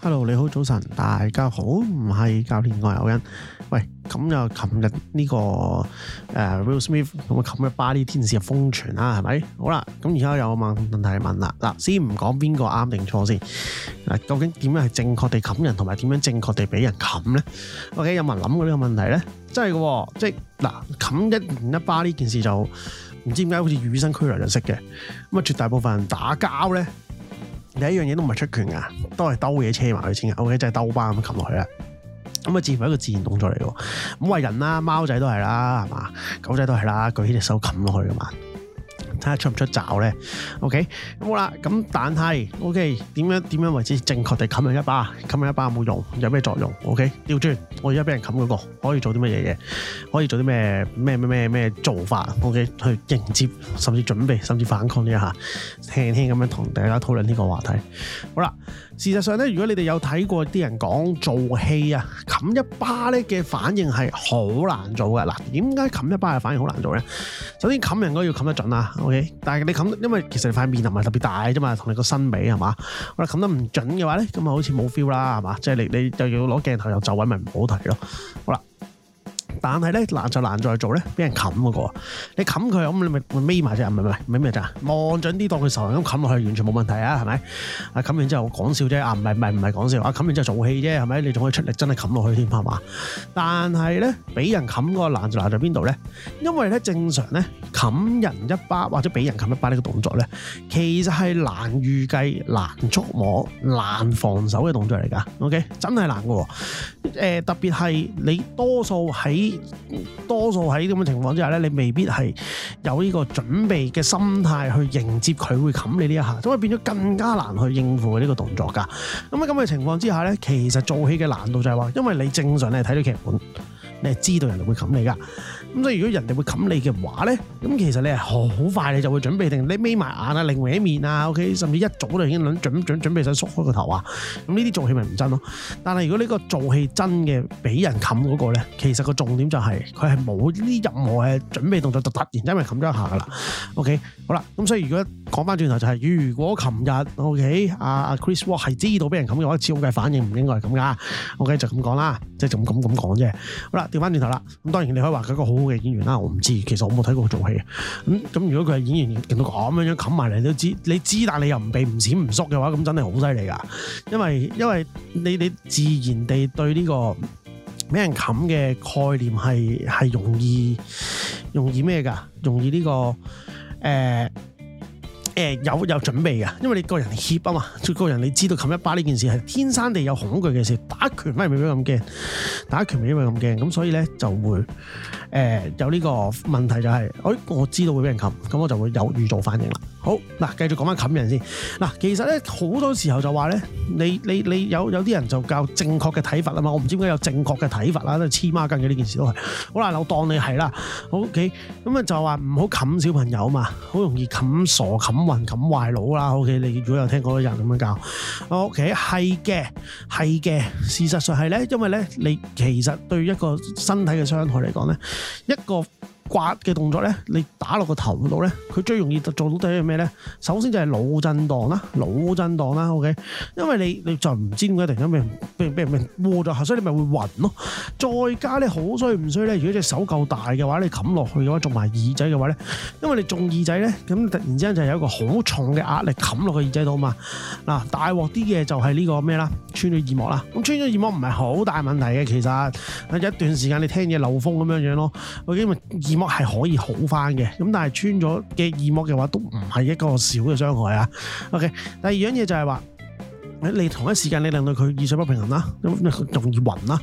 hello，你好，早晨，大家好，唔係教練，我係歐恩。喂，咁又琴日呢個誒、呃、Will Smith 咁啊，冚一巴呢件事瘋傳啦，係咪？好啦，咁而家有問問題問啦。嗱，先唔講邊個啱定錯先，嗱，究竟點樣係正確地冚人，同埋點樣正確地俾人冚咧？OK，有冇人諗過呢個問題咧？真係嘅，即係嗱，冚一年一巴呢件事就唔知點解好似與生俱來就識嘅。咁啊，絕大部分人打交咧。第一樣嘢都唔係出拳噶，都係兜嘢車埋佢先噶。O K，真係兜巴咁樣擒落去啦。咁啊，似乎係一個自然動作嚟嘅。咁喂人啦，貓仔都係啦，係嘛？狗仔都係啦，舉起隻手擒落去噶嘛。睇下出唔出爪咧？OK，咁好啦。咁但係 OK，點樣點樣為止正確地冚人一巴？冚人一巴冇用，有咩作用？OK，調轉，我而家俾人冚嗰個，可以做啲乜嘢嘢？可以做啲咩咩咩咩咩做法？OK，去迎接，甚至準備，甚至反抗一下。輕輕咁樣同大家討論呢個話題。好啦，事實上咧，如果你哋有睇過啲人講做戲啊，冚一巴咧嘅反應係好難做嘅。嗱，點解冚一巴嘅反應好難做咧？首先，冚人都要冚得準啦。O、okay, K，但係你冚，因為其實你塊面唔係特別大啫嘛，同你個身比係嘛，我哋冚得唔準嘅話咧，咁啊好似冇 feel 啦，係嘛，即、就、係、是、你你就要攞鏡頭又就位咪唔好睇咯，好啦。但係咧難就難在做咧，俾人冚嗰個。你冚佢咁，你咪咪埋隻眼，唔係唔係眯咩啫？望準啲，當佢受人咁冚落去，完全冇問題啊，係咪？啊冚完之後講笑啫，啊唔係唔係唔係講笑，啊冚完之後做戲啫，係咪？你仲可以出力真係冚落去添，係嘛？但係咧俾人冚嗰個難就難在邊度咧？因為咧正常咧冚人一巴或者俾人冚一巴呢個動作咧，其實係難預計、難觸摸、難防守嘅動作嚟㗎。OK，真係難嘅喎。呃，特別係你多數喺。多數喺呢咁嘅情況之下咧，你未必係有呢個準備嘅心態去迎接佢會冚你呢一下，咁啊變咗更加難去應付佢呢個動作噶。咁喺咁嘅情況之下咧，其實做戲嘅難度就係話，因為你正常你係睇到劇本，你係知道人哋會冚你噶。咁所以如果人哋會冚你嘅話咧，咁其實你係好快你就會準備定你眯埋眼啊、另外一面啊，OK，甚至一早就已經準準準準備想縮開個頭啊。咁呢啲做戲咪唔真咯。但係如果呢個做戲真嘅俾人冚嗰個咧，其實個重點就係佢係冇啲任何嘅準備動作，就突然之間冚咗一下噶啦。OK，好啦，咁所以如果講翻轉頭就係、是，如果琴日 OK 阿、啊、Chris Wall 係知道俾人冚嘅一次，咁嘅反應唔應該係咁㗋。OK 就咁講啦，即係就咁咁講啫。好啦，調翻轉頭啦，咁當然你可以話佢個好，嘅演員啦，我唔知。其實我冇睇過佢做戲咁咁。如果佢係演員，見到咁樣樣冚埋嚟，你知你知，但你又唔避唔閃唔縮嘅話，咁真係好犀利噶。因為因為你你自然地對呢個俾人冚嘅概念係係容易容易咩噶？容易呢、這個誒誒、呃呃、有有準備噶。因為你個人怯啊嘛，即係個人你知道冚一巴呢件事係天生地有恐懼嘅事，打拳咩未必咁驚，打拳未必咁驚，咁所以咧就會。誒、呃、有呢個問題就係，哎，我知道會俾人擒，咁我就會有預早反應啦。好嗱，繼續講翻冚人先嗱，其實咧好多時候就話咧，你你你有有啲人就教正確嘅睇法啊嘛，我唔知點解有正確嘅睇法啦，都係黐孖筋嘅呢件事都係好嗱，我當你係啦，OK，咁啊就話唔好冚小朋友啊嘛，好容易冚傻、冚暈、冚壞腦啦，OK，你如果有聽過嗰啲人咁樣教，OK，係嘅，係嘅，事實上係咧，因為咧你其實對一個身體嘅傷害嚟講咧，一個。刮嘅動作咧，你打落個頭度咧，佢最容易做到啲咩咧？首先就係腦震盪啦，腦震盪啦，OK 因、啊壞壞。因為你你就唔知點解突然間俾人俾人俾人俾人窩咗下所以你咪會暈咯。再加你好衰唔衰咧？如果隻手夠大嘅話，你冚落去嘅話，仲埋耳仔嘅話咧，因為你中耳仔咧，咁突然之間就有一個好重嘅壓力冚落個耳仔度嘛。嗱，大鑊啲嘅就係呢個咩啦？穿咗耳膜啦，咁穿咗耳膜唔係好大問題嘅，其實一段時間你聽嘢漏風咁樣樣咯。我已經耳。膜係可以好返嘅，咁但係穿咗嘅耳膜嘅話，都唔係一個小嘅傷害啊。OK，第二樣嘢就係話。你同一時間你令到佢耳水不平衡啦，容易暈啦。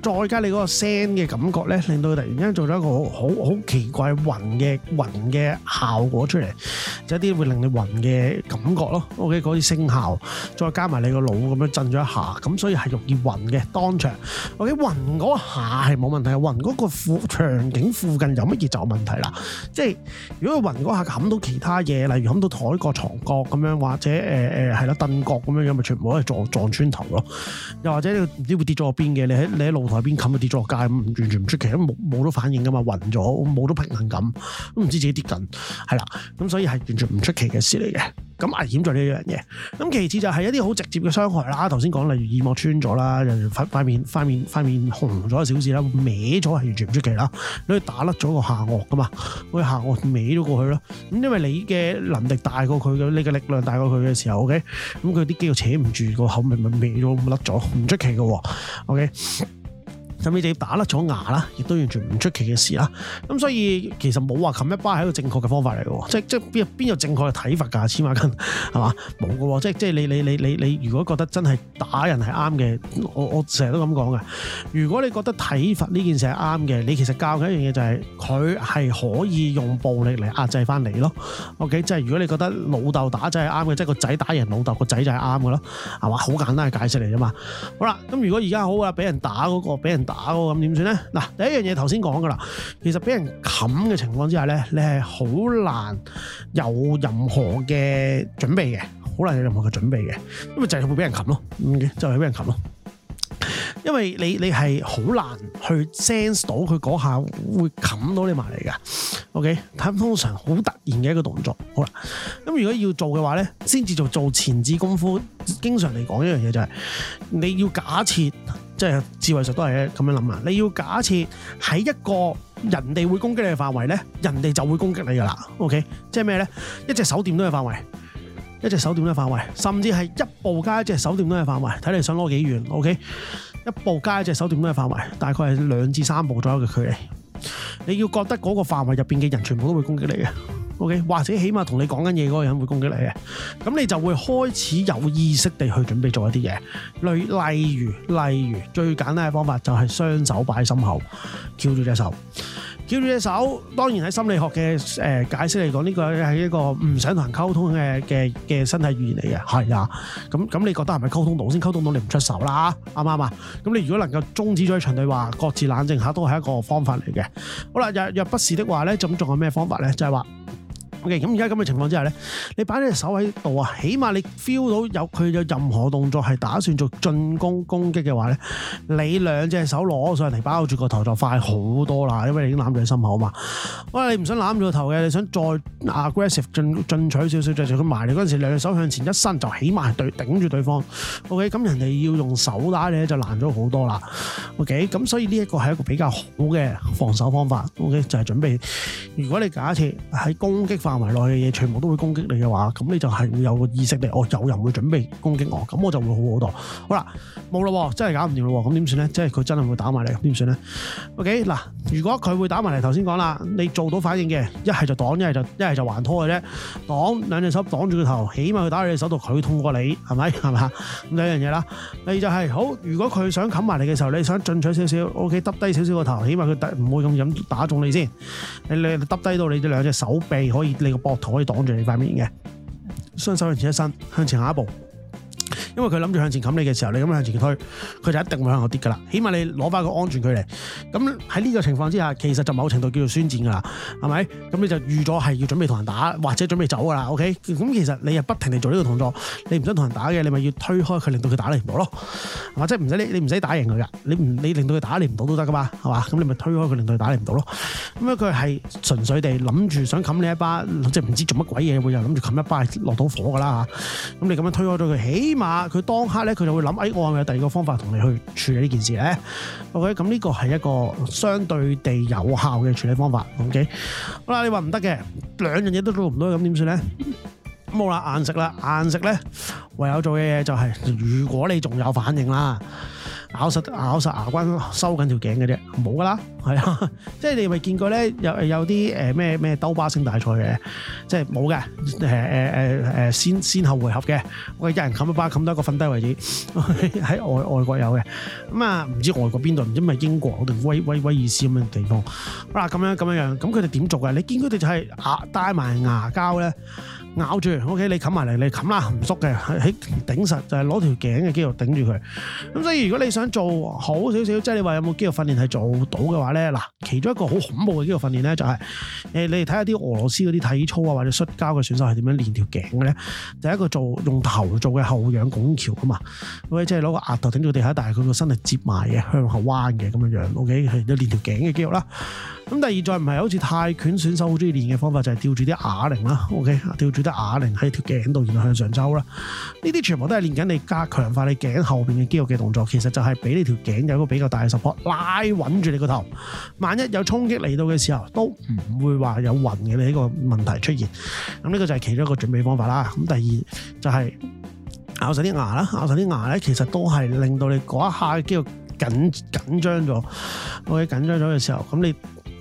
再加你嗰個聲嘅感覺咧，令到佢突然之間做咗一個好好奇怪嘅暈嘅暈嘅效果出嚟，就是、一啲會令你暈嘅感覺咯。O.K. 嗰啲聲效，再加埋你個腦咁樣震咗一下，咁所以係容易暈嘅當場。OK，暈嗰下係冇問題，暈嗰個附場景附近有乜嘢就有問題啦。即係如果暈嗰下冚到其他嘢，例如冚到台角、床角咁樣，或者誒誒係啦凳角咁樣樣冇係撞撞穿頭咯，又或者你唔知會跌咗落邊嘅，你喺你喺露台邊冚，就跌咗落街咁，完全唔出奇，冇冇咗反應噶嘛，暈咗，冇到平衡感，都唔知自己跌緊，係啦，咁所以係完全唔出奇嘅事嚟嘅。咁危險在呢樣嘢，咁其次就係一啲好直接嘅傷害啦。頭先講例如耳膜穿咗啦，人塊面塊面塊面紅咗少少啦，歪咗係完全唔出奇啦。你以打甩咗個下顎噶嘛，個下顎歪咗過去咯。咁因為你嘅能力大過佢嘅，你嘅力量大過佢嘅時候，OK，咁佢啲肌肉扯唔住個口面咪歪咗咪甩咗，唔出奇嘅，OK。差唔多打甩咗牙啦，亦都完全唔出奇嘅事啦。咁所以其實冇話冚一巴係一個正確嘅方法嚟嘅，即即邊邊有正確嘅睇法㗎？黐孖筋係嘛冇嘅，即即你你你你你如果覺得真係打人係啱嘅，我我成日都咁講嘅。如果你覺得體罰呢件事係啱嘅，你其實教嘅一樣嘢就係佢係可以用暴力嚟壓制翻你咯。OK，即係如果你覺得老豆打仔係啱嘅，即係個仔打人老豆個仔就係啱嘅咯，係嘛？好簡單嘅解釋嚟啫嘛。好啦，咁如果而家好啊，俾人打嗰個俾人。打咁點算咧？嗱，第一樣嘢頭先講噶啦，其實俾人冚嘅情況之下咧，你係好難有任何嘅準備嘅，好難有任何嘅準備嘅，因為就係會俾人冚咯、嗯，就係、係、俾人冚咯。因為你你係好難去 sense 到佢嗰下會冚到你埋嚟噶。OK，睇通常好突然嘅一個動作。好啦，咁如果要做嘅話咧，先至做做前置功夫。經常嚟講一樣嘢就係、係，你要假設。即係自衛術都係咁樣諗啊！你要假設喺一個人哋會攻擊你嘅範圍咧，人哋就會攻擊你噶啦。OK，即係咩咧？一隻手掂到嘅範圍，一隻手掂到嘅範圍，甚至係一步加一隻手掂到嘅範圍。睇你想攞幾遠？OK，一步加一隻手掂到嘅範圍，大概係兩至三步左右嘅距離。你要覺得嗰個範圍入邊嘅人全部都會攻擊你嘅。O K，或者起碼同你講緊嘢嗰個人會攻擊你嘅，咁你就會開始有意識地去準備做一啲嘢，例例如例如最簡單嘅方法就係雙手擺喺心口，翹住隻手，翹住隻手。當然喺心理學嘅誒解釋嚟講，呢個係一個唔想同人溝通嘅嘅嘅身體語言嚟嘅，係啊。咁咁你覺得係咪溝通到先溝通到你唔出手啦？啱唔啱啊？咁你如果能夠終止咗場對話，各自冷靜下都係一個方法嚟嘅。好啦，若若不是的話咧，咁仲有咩方法咧？就係話。咁而家咁嘅情況之下咧，你擺呢隻手喺度啊，起碼你 feel 到有佢有任何動作係打算做進攻攻擊嘅話咧，你兩隻手攞上嚟包住個頭就快好多啦，因為你已經攬住你心口啊嘛。喂，你唔想攬住個頭嘅，你想再 aggressive 進進取少少就咁埋你嗰陣時，兩隻手向前一伸就起碼係對頂住對方。O K，咁人哋要用手打你咧就難咗好多啦。O K，咁所以呢一個係一個比較好嘅防守方法。O、okay? K，就係準備，如果你假設喺攻擊方。埋落嘅嘢全部都會攻擊你嘅話，咁你就係會有個意識力，我有人會準備攻擊我，咁我就會好好多。好啦，冇啦，真係搞唔掂啦，咁點算咧？即係佢真係會打埋你，點算咧？O K，嗱，如果佢會打埋嚟，頭先講啦，你做到反應嘅，一係就擋，一係就一係就還拖嘅啫。擋兩隻手擋住個頭，起碼佢打你手度，佢痛過你，係咪？係咪啊？咁第一樣嘢啦，第二就係好，如果佢想冚埋你嘅時候，你想進取少少，O K，耷低少少個頭，起碼佢第唔會咁樣打中你先。你耷低到你隻兩隻手臂可以。你個膊頭可以擋住你塊面嘅，雙手向前一伸，向前下一步。因為佢諗住向前冚你嘅時候，你咁樣向前推，佢就一定會向後跌噶啦。起碼你攞翻個安全距離。咁喺呢個情況之下，其實就某程度叫做宣戰噶啦，係咪？咁你就預咗係要準備同人打，或者準備走噶啦。OK，咁其實你又不停地做呢個動作，你唔想同人打嘅，你咪要推開佢，令到佢打你唔到咯。或者唔使你唔使打贏佢噶，你唔你，你令到佢打你唔到都得噶嘛，係嘛？咁你咪推開佢，令到佢打你唔到咯。咁樣佢係純粹地諗住想冚你一巴，即係唔知做乜鬼嘢，會又諗住冚一巴落到火噶啦吓。咁你咁樣推開咗佢，起碼佢當刻咧，佢就會諗，哎、欸，我係咪有第二個方法同你去處理呢件事咧？OK，咁呢個係一個相對地有效嘅處理方法。OK，好啦，你話唔得嘅，兩樣嘢都做唔到，咁點算咧？冇啦，硬食啦，硬食咧，唯有做嘅嘢就係，如果你仲有反應啦。咬實，咬實牙關，收緊頸，收緊條頸嘅啫，冇噶啦，係啊，即係你咪見過咧，有有啲誒咩咩兜巴星大賽嘅，即係冇嘅，誒誒誒誒先先後回合嘅，我一人冚一巴，冚到一個瞓低為止。喺 外外國有嘅，咁啊唔知外國邊度，唔知咪英國定威威威爾斯咁樣地方，嗱咁樣咁樣樣，咁佢哋點做嘅？你見佢哋就係咬、啊、戴埋牙膠咧。咬住，OK，你冚埋嚟，你冚啦，唔縮嘅，喺頂實就係攞條頸嘅肌肉頂住佢。咁所以如果你想做好少少，即係你話有冇肌肉訓練係做到嘅話咧，嗱，其中一個好恐怖嘅肌肉訓練咧就係誒，你哋睇下啲俄羅斯嗰啲體操啊或者摔跤嘅選手係點樣練條頸嘅咧？就係一個做用頭做嘅後仰拱橋啊嘛，喂，即係攞個額頭頂住地下，但係佢個身係折埋嘅，向後彎嘅咁樣樣，OK 係都練條頸嘅肌肉啦。咁第二再唔係好似泰拳選手好中意練嘅方法就係吊住啲啞鈴啦，OK，吊住。啲啞鈴喺條頸度，然後向上抽啦。呢啲全部都係練緊你加強化你頸後邊嘅肌肉嘅動作。其實就係俾你條頸有一個比較大嘅 support，拉穩住你個頭。萬一有衝擊嚟到嘅時候，都唔會話有暈嘅呢個問題出現。咁呢個就係其中一個準備方法啦。咁第二就係咬實啲牙啦，咬實啲牙咧，其實都係令到你嗰一下肌肉緊緊張咗，或者緊張咗嘅時候咁你，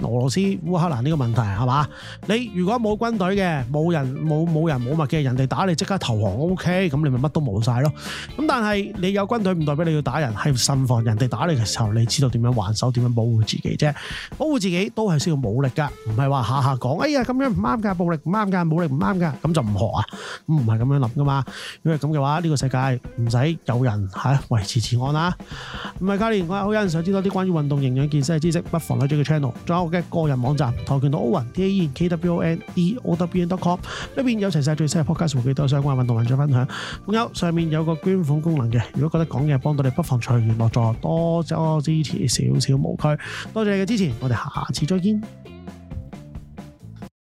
俄羅斯烏克蘭呢個問題係嘛？你如果冇軍隊嘅，冇人冇冇人冇物嘅，人哋打你即刻投降，O K，咁你咪乜都冇晒咯。咁但係你有軍隊唔代表你要打人，係慎防人哋打你嘅時候，你知道點樣還手，點樣保護自己啫？保護自己都係需要武力噶，唔係話下下講，哎呀咁樣唔啱噶，暴力唔啱噶，武力唔啱噶，咁就唔學啊？唔係咁樣諗噶嘛？如果係咁嘅話，呢個世界唔使有人吓維持治安啦。唔係，教練，我係好有人想知多啲關於運動、營養、健身嘅知識，不妨嚟呢個 channel。我嘅個人網站跆拳道歐文 t a e k w o n d o w e n dot com，裏邊有齊晒最新嘅 podcast，會記多相關運動文，文章分享。仲有上面有個捐款功能嘅，如果覺得講嘢幫到你，不妨隨緣樂助，多謝支持少少無拘，多謝你嘅支持，我哋下次再見。